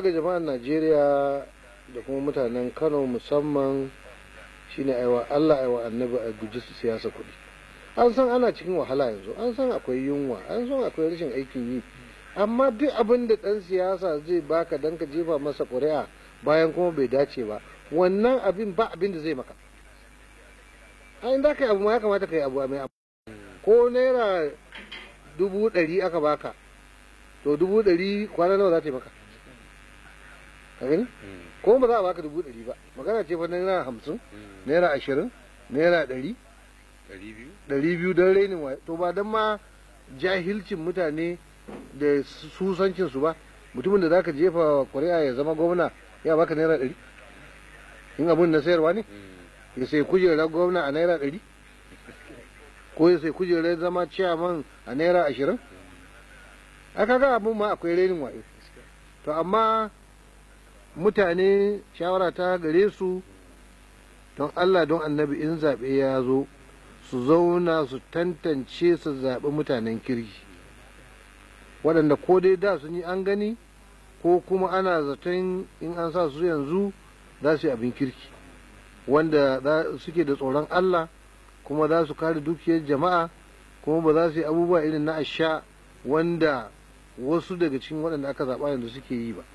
ga jama'ar najeriya da kuma mutanen kano musamman shine aiwa allah aiwa annabi a guji su siyasa kuɗi an san ana cikin wahala yanzu an san akwai yunwa an san akwai rashin aikin yi amma duk abin da ɗan siyasa zai baka don ka jefa masa ƙuri'a bayan kuma bai dace ba wannan abin ba abin da zai maka a inda ka yi abu ma ya kamata ka yi abu mai abu ko naira dubu ɗari aka baka to dubu ɗari kwana nawa za ta yi maka ka gani mm. ko ba za a baka dubu ɗari ba magana ce fa naira hamsin mm. naira ashirin naira ɗari ɗari biyu don rainin waye to ba don ma jahilcin mutane da susancin su ba mutumin da zaka jefa kuri'a ya zama gwamna ya baka naira ɗari in abun na sayarwa ne mm. ya sai kujerar gwamna a naira ɗari ko ya sai kujerar zama ciyaman a naira ashirin a kaga abun ma akwai rainin waye to amma mutane shawara ta gare su don Allah don annabi in zaɓe ya zo su zauna su tantance su zaɓi mutanen kirki waɗanda ko dai da sun yi an gani ko kuma ana zaton in an sa su yanzu za su yi abin kirki wanda suke da tsoron Allah kuma za su kare dukiyar jama'a kuma ba za su yi abubuwa irin na asha wanda wasu daga cikin waɗanda aka zaɓa yanzu suke yi ba